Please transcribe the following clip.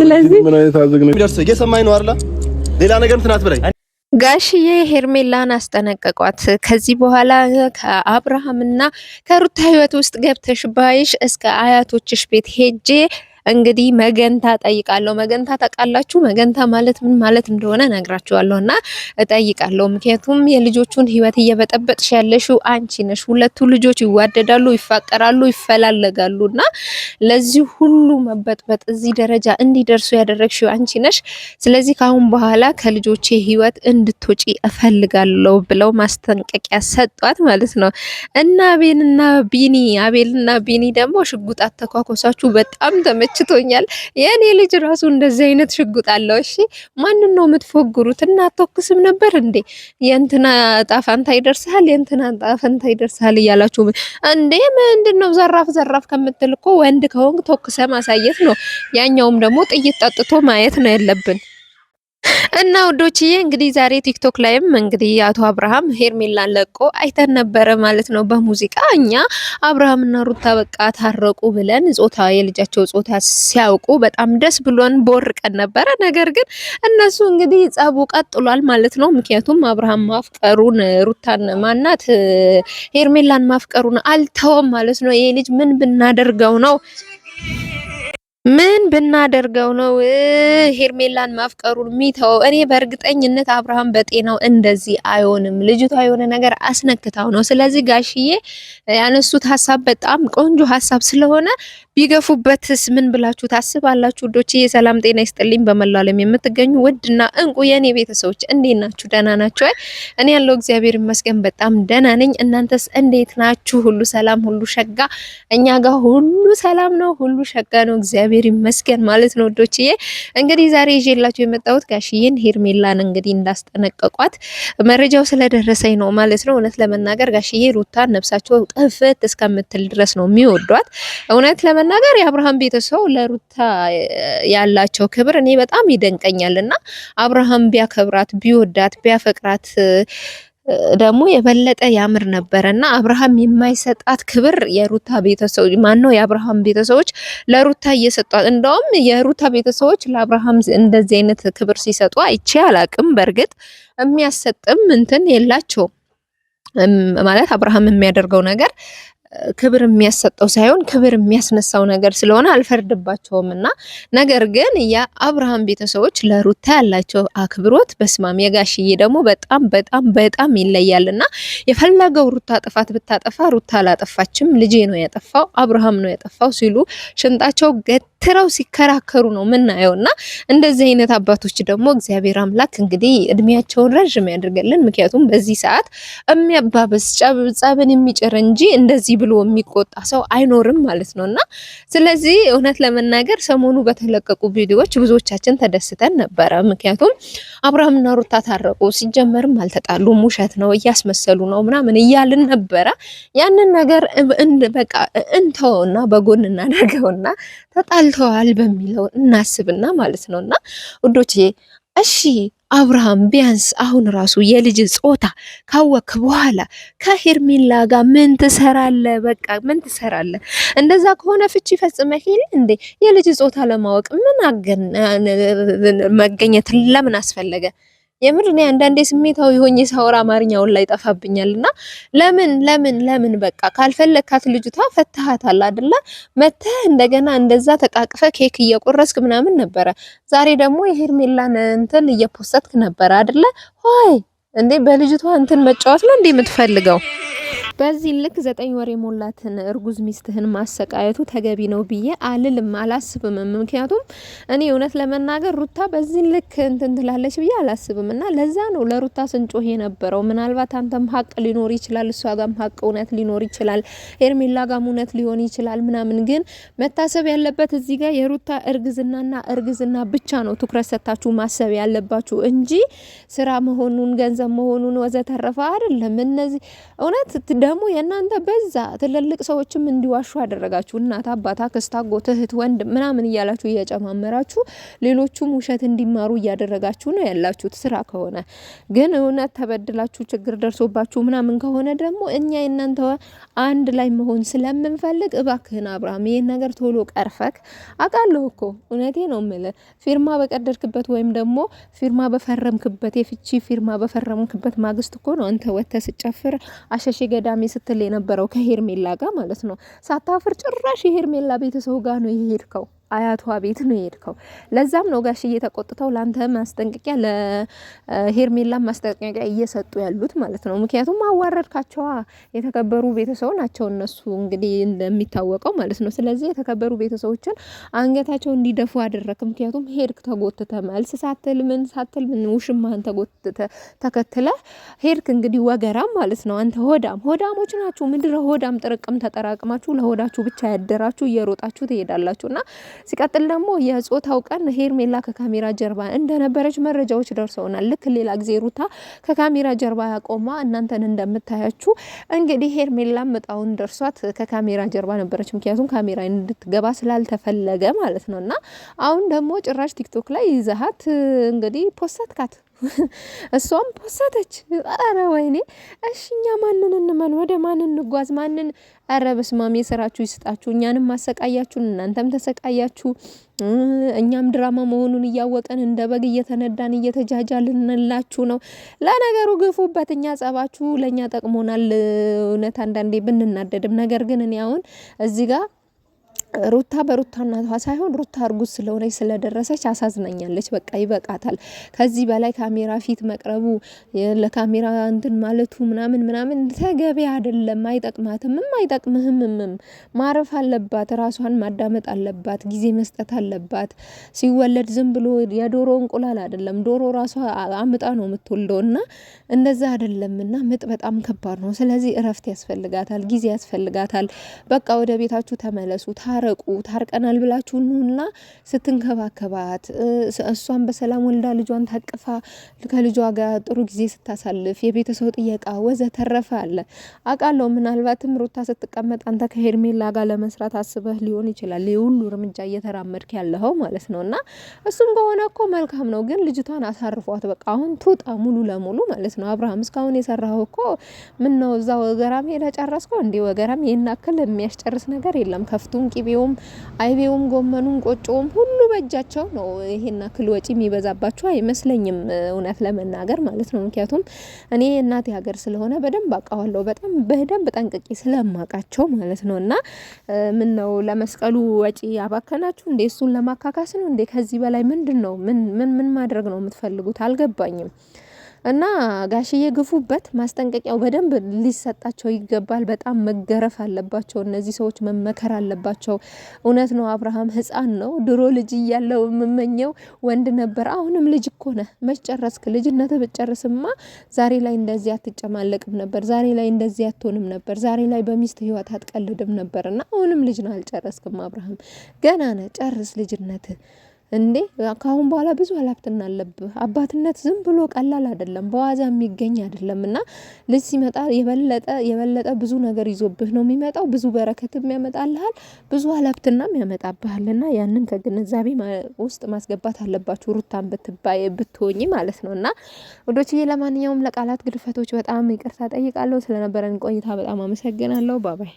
ስለዚህ ምን አይነት አዘግነ እየሰማኝ ነው አይደል? ሌላ ትናት ጋሽዬ ሄርሜላን አስጠነቀቋት። ከዚህ በኋላ ከአብርሃምና ከሩታ ህይወት ውስጥ ገብተሽ ባይሽ እስከ አያቶችሽ ቤት ሄጄ እንግዲህ መገንታ ጠይቃለሁ። መገንታ ታውቃላችሁ? መገንታ ማለት ምን ማለት እንደሆነ ነግራችኋለሁና እጠይቃለሁ። ምክንያቱም የልጆቹን ህይወት እየበጠበጥሽ ያለሽው አንቺ ነሽ። ሁለቱ ልጆች ይዋደዳሉ፣ ይፋቀራሉ፣ ይፈላለጋሉና ለዚህ ሁሉ መበጥበጥ እዚህ ደረጃ እንዲደርሱ ያደረግሽው አንቺ ነሽ። ስለዚህ ካሁን በኋላ ከልጆቼ ህይወት እንድትወጪ እፈልጋለሁ ብለው ማስጠንቀቂያ ሰጧት ማለት ነው እና አቤልና ቢኒ አቤልና ቢኒ ደግሞ ሽጉጥ አተኳኮሳችሁ በጣም ተመ ተመችቶኛል። የእኔ ልጅ ራሱ እንደዚህ አይነት ሽጉጥ አለው። እሺ ማንን ነው የምትፎግሩት? እና አትወክስም ነበር እንዴ? የእንትና ዕጣ ፈንታ ይደርስሃል፣ የእንትና ዕጣ ይደርስሃል እያላችሁ እንዴ ምንድን ነው ዘራፍ ዘራፍ ከምትል እኮ ወንድ ከሆንክ ተወክሰ ማሳየት ነው። ያኛውም ደግሞ ጥይት ጠጥቶ ማየት ነው ያለብን። እና ውዶችዬ እንግዲህ ዛሬ ቲክቶክ ላይም እንግዲህ አቶ አብርሃም ሄርሜላን ለቆ አይተን ነበረ ማለት ነው በሙዚቃ እኛ አብርሃምና ሩታ በቃ ታረቁ ብለን ጾታ የልጃቸው ጾታ ሲያውቁ በጣም ደስ ብሎን ቦርቀን ነበረ። ነገር ግን እነሱ እንግዲህ ጸቡ ቀጥሏል ማለት ነው። ምክንያቱም አብርሃም ማፍቀሩን ሩታን ማናት ሄርሜላን ማፍቀሩን አልተወም ማለት ነው። ይሄ ልጅ ምን ብናደርገው ነው? ምን ብናደርገው ነው ሄርሜላን ማፍቀሩ ሚተው? እኔ በእርግጠኝነት አብርሃም በጤናው እንደዚህ አይሆንም። ልጅቷ የሆነ ነገር አስነክታው ነው። ስለዚህ ጋሽዬ ያነሱት ሀሳብ በጣም ቆንጆ ሀሳብ ስለሆነ ቢገፉበትስ ምን ብላችሁ ታስባላችሁ? ውዶች የሰላም ጤና ይስጥልኝ። በመላው ዓለም የምትገኙ ውድና እንቁ የእኔ ቤተሰቦች እንዴት ናችሁ? ደህና ናችሁ? እኔ ያለው እግዚአብሔር ይመስገን በጣም ደህና ነኝ። እናንተስ እንዴት ናችሁ? ሁሉ ሰላም፣ ሁሉ ሸጋ። እኛ ጋር ሁሉ ሰላም ነው፣ ሁሉ ሸጋ ነው። እግዚአብሔር ይመስገን ማለት ነው ውዶች። እንግዲህ ዛሬ ይዤላችሁ የመጣሁት ጋሽዬን ሄርሜላን እንግዲህ እንዳስጠነቀቋት መረጃው ስለደረሰኝ ነው ማለት ነው። እውነት ለመናገር ጋሽዬ ሩታን ነፍሳቸው ጥፍት እስከምትል ድረስ ነው የሚወዷት እውነት ለመናገር የአብርሃም ቤተሰው ለሩታ ያላቸው ክብር እኔ በጣም ይደንቀኛል እና አብርሃም ቢያከብራት ቢወዳት ቢያፈቅራት ደግሞ የበለጠ ያምር ነበረ እና አብርሃም የማይሰጣት ክብር የሩታ ማን ነው? የአብርሃም ቤተሰቦች ለሩታ እየሰጧት፣ እንደውም የሩታ ቤተሰቦች ለአብርሃም እንደዚህ አይነት ክብር ሲሰጡ አይቼ አላቅም። በእርግጥ የሚያሰጥም እንትን የላቸውም ማለት አብርሃም የሚያደርገው ነገር ክብር የሚያሰጠው ሳይሆን ክብር የሚያስነሳው ነገር ስለሆነ አልፈርድባቸውም እና ነገር ግን የአብርሃም ቤተሰቦች ለሩታ ያላቸው አክብሮት በስማም የጋሽዬ ደግሞ በጣም በጣም በጣም ይለያል እና የፈለገው ሩታ ጥፋት ብታጠፋ ሩታ አላጠፋችም፣ ልጄ ነው ያጠፋው፣ አብርሃም ነው ያጠፋው ሲሉ ሽንጣቸው ገጥ ትረው ሲከራከሩ ነው ምናየው እና እንደዚህ አይነት አባቶች ደግሞ እግዚአብሔር አምላክ እንግዲህ እድሜያቸውን ረዥም ያደርገልን። ምክንያቱም በዚህ ሰዓት የሚያባበስ ጸብን የሚጭር እንጂ እንደዚህ ብሎ የሚቆጣ ሰው አይኖርም ማለት ነው እና ስለዚህ እውነት ለመናገር ሰሞኑ በተለቀቁ ቪዲዮዎች ብዙዎቻችን ተደስተን ነበረ። ምክንያቱም አብርሃምና ሩታ ታረቁ፣ ሲጀመርም አልተጣሉም፣ ውሸት ነው፣ እያስመሰሉ ነው ምናምን እያልን ነበረ። ያንን ነገር በቃ እንተወውና በጎን እናደርገውና ተጣልተዋል በሚለው እናስብና ማለት ነው እና ውዶቼ እሺ አብርሃም ቢያንስ አሁን ራሱ የልጅ ጾታ ካወክ በኋላ ከሄርሜላ ጋር ምን ትሰራለ? በቃ ምን ትሰራለ? እንደዛ ከሆነ ፍቺ ፈጽመ ሄል እንዴ! የልጅ ጾታ ለማወቅ ምን መገኘት ለምን አስፈለገ? የምር እኔ አንዳንዴ ስሜታዊ ሆኜ ሳወራ አማርኛውን ላይ ጠፋብኛል። እና ለምን ለምን ለምን በቃ ካልፈለግካት ልጅቷ ፈትሃታል አይደለ? መተህ እንደገና እንደዛ ተቃቅፈ ኬክ እየቆረስክ ምናምን ነበረ። ዛሬ ደግሞ የሄርሜላን እንትን እየፖሰትክ ነበረ አይደለ? ሆይ እንዴ በልጅቷ እንትን መጫወት ነው እንዴ የምትፈልገው? በዚህ ልክ ዘጠኝ ወር የሞላትን እርጉዝ ሚስትህን ማሰቃየቱ ተገቢ ነው ብዬ አልልም አላስብም። ምክንያቱም እኔ እውነት ለመናገር ሩታ በዚህ ልክ እንትን ትላለች ብዬ አላስብም እና ለዛ ነው ለሩታ ስንጮህ የነበረው። ምናልባት አንተም ሀቅ ሊኖር ይችላል፣ እሷ ጋም ሀቅ እውነት ሊኖር ይችላል፣ ኤርሜላ ጋም እውነት ሊሆን ይችላል ምናምን። ግን መታሰብ ያለበት እዚህ ጋር የሩታ እርግዝናና እርግዝና ብቻ ነው ትኩረት ሰጥታችሁ ማሰብ ያለባችሁ እንጂ ስራ መሆኑን ገንዘብ መሆኑን ወዘተረፈ አይደለም። እነዚህ እውነት ደግሞ የእናንተ በዛ። ትልልቅ ሰዎችም እንዲዋሹ አደረጋችሁ። እናት፣ አባት፣ አክስት፣ አጎት፣ እህት፣ ወንድ ምናምን እያላችሁ እያጨማመራችሁ ሌሎቹም ውሸት እንዲማሩ እያደረጋችሁ ነው ያላችሁት። ስራ ከሆነ ግን እውነት ተበድላችሁ ችግር ደርሶባችሁ ምናምን ከሆነ ደግሞ እኛ የእናንተ አንድ ላይ መሆን ስለምንፈልግ እባክህን አብርሃም ይህን ነገር ቶሎ ቀርፈክ አውቃለሁ እኮ እውነቴ ነው ምልህ ፊርማ በቀደድክበት ወይም ደግሞ ፊርማ በፈረምክበት የፍቺ ፊርማ በፈረምክበት ማግስት እኮ ነው አንተ ወጥተህ ስጨፍር አሸሼ ገዳም ፍጻሜ ስትል የነበረው ከሄርሜላ ጋር ማለት ነው። ሳታፍር ጭራሽ የሄርሜላ ቤተሰቡ ጋር ነው የሄድከው። አያቷ ቤት ነው የሄድከው። ለዛም ነው ጋሽዬ ተቆጥተው ለአንተ ማስጠንቀቂያ ለሄርሜላ ማስጠንቀቂያ እየሰጡ ያሉት ማለት ነው። ምክንያቱም አዋረድካቸዋ። የተከበሩ ቤተሰብ ናቸው እነሱ እንግዲህ እንደሚታወቀው ማለት ነው። ስለዚህ የተከበሩ ቤተሰቦችን አንገታቸው እንዲደፉ አደረክ። ምክንያቱም ሄድክ ተጎትተ፣ መልስ ሳትል ምን ሳትል ምን ውሽማህን ተጎትተ ተከትለ ሄድክ። እንግዲህ ወገራም ማለት ነው። አንተ ሆዳም ሆዳሞች ናችሁ። ምድረ ሆዳም ጥርቅም ተጠራቅማችሁ ለሆዳችሁ ብቻ ያደራችሁ እየሮጣችሁ ትሄዳላችሁ እና። ሲቀጥል ደግሞ የጾታው ቀን ሄርሜላ ከካሜራ ጀርባ እንደነበረች መረጃዎች ደርሰውናል። ልክ ሌላ ጊዜ ሩታ ከካሜራ ጀርባ ያቆማ እናንተን እንደምታያችሁ እንግዲህ ሄርሜላ እጣውን ደርሷት ከካሜራ ጀርባ ነበረች። ምክንያቱም ካሜራ እንድትገባ ስላልተፈለገ ማለት ነው። እና አሁን ደግሞ ጭራሽ ቲክቶክ ላይ ይዛሃት እንግዲህ ፖስት ካት እሷም ፖሰተች። ኧረ ወይኔ! እሺ እኛ ማንን እንመን? ወደ ማን እንጓዝ? ማንን? ኧረ በስመ አብ የስራችሁ ይስጣችሁ። እኛንም ማሰቃያችሁን፣ እናንተም ተሰቃያችሁ፣ እኛም ድራማ መሆኑን እያወቀን እንደ በግ እየተነዳን እየተጃጃልንላችሁ ነው። ለነገሩ ግፉበት፣ እኛ ጸባችሁ ለእኛ ጠቅሞናል። እውነት አንዳንዴ ብንናደድም፣ ነገር ግን እኔ አሁን እዚህ ጋር ሩታ በሩታ እናቷ ሳይሆን ሩታ እርጉዝ ስለሆነች ስለደረሰች አሳዝናኛለች። በቃ ይበቃታል። ከዚህ በላይ ካሜራ ፊት መቅረቡ ለካሜራ እንትን ማለቱ ምናምን ምናምን ተገቢ አይደለም። አይጠቅማትም አይጠቅምህምም። ማረፍ አለባት። ራሷን ማዳመጥ አለባት። ጊዜ መስጠት አለባት። ሲወለድ ዝም ብሎ የዶሮ እንቁላል አይደለም። ዶሮ ራሷ አምጣ ነው የምትወልደው እና እንደዛ አይደለም። እና ምጥ በጣም ከባድ ነው። ስለዚህ እረፍት ያስፈልጋታል። ጊዜ ያስፈልጋታል። በቃ ወደ ቤታችሁ ተመለሱ። ታረቁ ታርቀናል ብላችሁ እንሁና ስትንከባከባት እሷን በሰላም ወልዳ ልጇን ታቅፋ ከልጇ ጋር ጥሩ ጊዜ ስታሳልፍ የቤተሰብ ጥየቃ ወዘ ተረፈ አለ አቃለው። ምናልባትም ሩታ ስትቀመጥ አንተ ከሄርሜላ ጋር ለመስራት አስበህ ሊሆን ይችላል የሁሉ እርምጃ እየተራመድክ ያለኸው ማለት ነው። እና እሱም ከሆነ እኮ መልካም ነው፣ ግን ልጅቷን አሳርፏት በቃ አሁን ትውጣ ሙሉ ለሙሉ ማለት ነው። አብርሃም እስካሁን የሰራው እኮ ምን ነው እዛ ወገራም ሄደ ጨረስከው እንዲ ወገራም ይህን ያክል የሚያስጨርስ ነገር የለም ከፍቱን ቂቤ ቅቤውም፣ አይቤውም፣ ጎመኑም፣ ቆጮውም ሁሉ በእጃቸው ነው። ይሄን አክል ወጪ የሚበዛባቸው አይመስለኝም እውነት ለመናገር ማለት ነው። ምክንያቱም እኔ እናቴ ሀገር ስለሆነ በደንብ አውቃዋለሁ። በጣም በደንብ ጠንቅቄ ስለማውቃቸው ማለት ነው። እና ምን ነው ለመስቀሉ ወጪ ያባከናችሁ እንዴ? እሱን ለማካካስ ነው እንዴ? ከዚህ በላይ ምንድን ነው? ምን ምን ማድረግ ነው የምትፈልጉት? አልገባኝም። እና ጋሽዬ ግፉበት። ማስጠንቀቂያው በደንብ ሊሰጣቸው ይገባል። በጣም መገረፍ አለባቸው እነዚህ ሰዎች፣ መመከር አለባቸው። እውነት ነው፣ አብርሃም ህፃን ነው። ድሮ ልጅ እያለው የምመኘው ወንድ ነበር። አሁንም ልጅ እኮ ነህ። መች ጨረስክ? ልጅነት ብጨርስማ ዛሬ ላይ እንደዚህ አትጨማለቅም ነበር። ዛሬ ላይ እንደዚህ አትሆንም ነበር። ዛሬ ላይ በሚስት ህይወት አትቀልድም ነበር። እና አሁንም ልጅ ነው፣ አልጨረስክም አብርሃም፣ ገና ነህ። ጨርስ ልጅነትህ እንዴ ከአሁን በኋላ ብዙ ኃላፊነት አለብህ። አባትነት ዝም ብሎ ቀላል አይደለም፣ በዋዛ የሚገኝ አይደለም እና ልጅ ሲመጣ የበለጠ የበለጠ ብዙ ነገር ይዞብህ ነው የሚመጣው። ብዙ በረከትም ያመጣልሃል፣ ብዙ ኃላፊነትም ያመጣብሃል እና ያንን ከግንዛቤ ውስጥ ማስገባት አለባችሁ ሩታን ብትባይ ብትሆኝ ማለት ነው እና ወዶችዬ፣ ለማንኛውም ለቃላት ግድፈቶች በጣም ይቅርታ ጠይቃለሁ። ስለነበረን ቆይታ በጣም አመሰግናለሁ። ባባይ